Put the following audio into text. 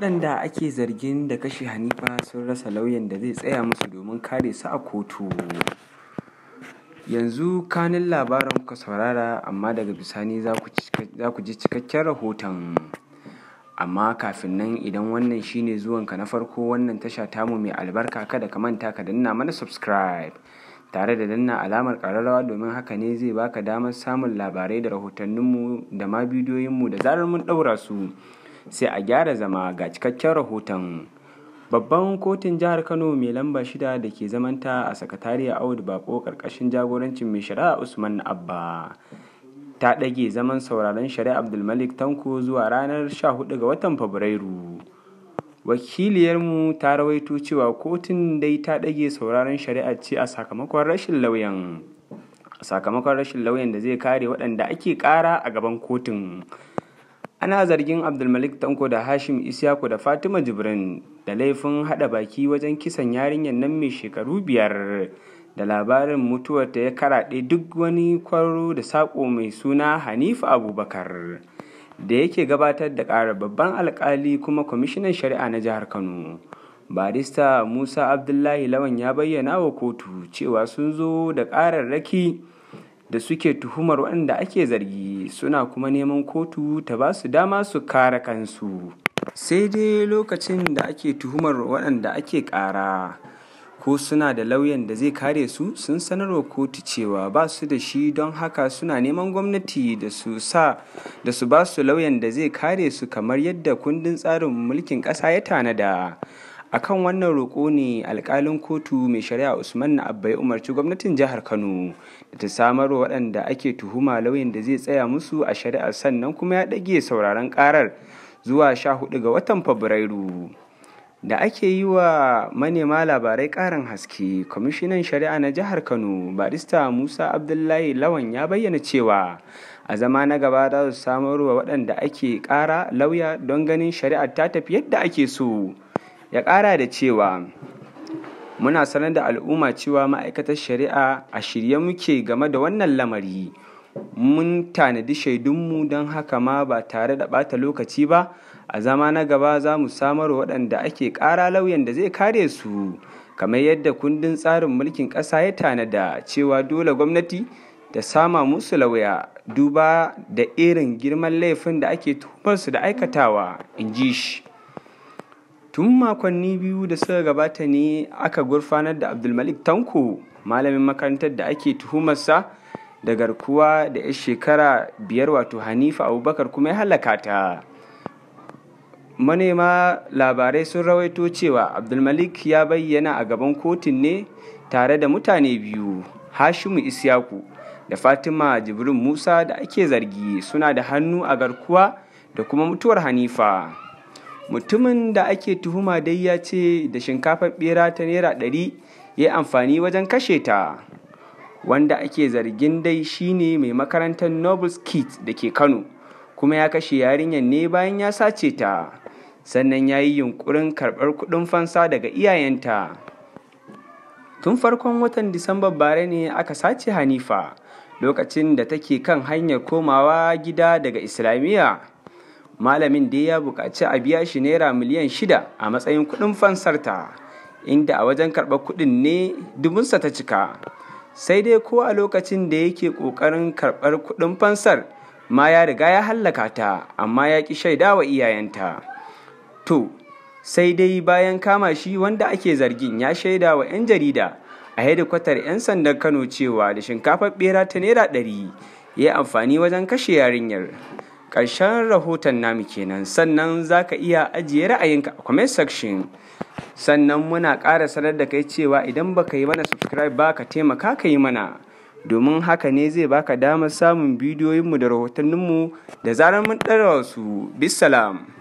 waɗanda ake zargin da kashe hanifa sun rasa lauyan da zai tsaya musu domin kare su a kotu yanzu kanin labaran kuka saurara amma daga bisani za ku ji cikakken rahoton amma kafin nan idan wannan shine zuwanka na farko wannan tasha tamu mai albarka kada ka manta ka danna mana subscribe tare da danna alamar kararrawa domin haka ne zai baka damar samun labarai da rahotanninmu da ma bidiyoyinmu da zarar mun ɗaura su sai a gyara zama ga cikakken rahoton babban kotun jihar kano mai lamba shida da ke zamanta a sakatariya audu bako karkashin jagorancin mai shari'a usman abba ta ɗage zaman sauraron shari'a abdulmalik tanko zuwa ranar 14 ga watan fabrairu wakiliyarmu ta rawaito cewa kotun dai ta ɗage sauraron shari'a ce a sakamakon rashin lauyan sakamakon rashin lauyan da zai kare waɗanda ake ƙara a gaban kotun ana zargin abdulmalik tanko da hashim isyaku da fatima jibrin da laifin hada baki wajen kisan yarinyar nan mai shekaru biyar da labarin mutuwar ta ya karaɗe duk wani kwaro da saƙo mai suna hanifa abubakar da yake gabatar da ƙara babban alkali kuma kwamishinan shari'a na jihar kano barista musa abdullahi lawan ya bayyana wa kotu cewa sun zo da ƙararraki da suke tuhumar waɗanda ake zargi suna kuma neman kotu ta ba su dama su kare kansu sai dai lokacin da ake tuhumar waɗanda ake ƙara ko suna da lauyan da zai kare su sun sanarwa kotu cewa ba su da shi don haka suna neman gwamnati da su sa da su ba su lauyan da zai kare su kamar yadda kundin tsarin mulkin ƙasa ya tanada akan wannan roƙo ne alƙalin kotu mai shari'a usman na abba ya umarci gwamnatin jihar kano da ta samar wa waɗanda ake tuhuma lauyan da zai tsaya musu a shari'ar sannan kuma ya ɗage sauraron ƙarar zuwa sha hudu ga watan fabrairu da ake yi wa manema labarai ƙarin haske kwamishinan shari'a na jihar kano barista musa abdullahi lawan ya bayyana cewa a zama na gaba za su samarwa waɗanda ake ƙara lauya don ganin shari'ar ta tafi yadda ake so ya ƙara da cewa muna sanar da al'umma cewa ma'aikatar shari'a a shirye muke game da wannan lamari mun tanadi shaidunmu don haka ma ba tare da ɓata lokaci ba a zama na gaba za mu samar waɗanda ake ƙara lauyan da zai kare su kamar yadda kundin tsarin mulkin ƙasa ya tanada cewa dole gwamnati ta sama musu lauya duba da irin girman laifin da ake tuhumarsu da aikatawa in ji shi tun makonni biyu da suka gabata ne aka gurfanar da abdulmalik tanko malamin makarantar da ake tuhumarsa da garkuwa da 'yar shekara biyar wato hanifa abubakar kuma ya halaka ta manema labarai sun rawaito cewa abdulmalik ya bayyana a gaban kotun ne tare da mutane biyu hashimu isyaku da fatima jibrin musa da ake zargi suna da hannu a garkuwa da kuma mutuwar hanifa mutumin da ake tuhuma dai ya ce da shinkafar bera ta naira ɗari ya yi amfani wajen kashe ta wanda ake zargin dai shine mai makarantar nobles kit da ke kano kuma ya kashe yarinyar ne bayan ya sace ta sannan ya yi yunkurin karɓar kuɗin fansa daga iyayenta tun farkon watan disamba bare ne aka sace hanifa lokacin da take kan hanyar komawa gida daga islamiyya malamin dai ya buƙaci a biya shi naira miliyan shida a matsayin kuɗin fansarta inda a wajen karɓar kuɗin ne dubunsa ta cika sai dai ko a lokacin da yake ƙoƙarin karɓar kuɗin fansar ma ya riga ya hallaka ta amma ya ƙi shaida wa iyayenta to sai dai bayan kama shi wanda ake zargin ya shaida wa 'yan jarida a hedikwatar 'yan sandan kano cewa da shinkafar ɓera ta naira ɗari ya yi amfani wajen kashe yarinyar ƙarshen rahoton namu kenan sannan za ka iya ajiye ra'ayinka a comment section sannan muna ƙara sanar da kai cewa idan baka yi mana subscribe ba ka taimaka ka yi mana domin haka ne zai baka damar samun bidiyoyinmu da rahotanninmu da zarar mun ɗara su bisalam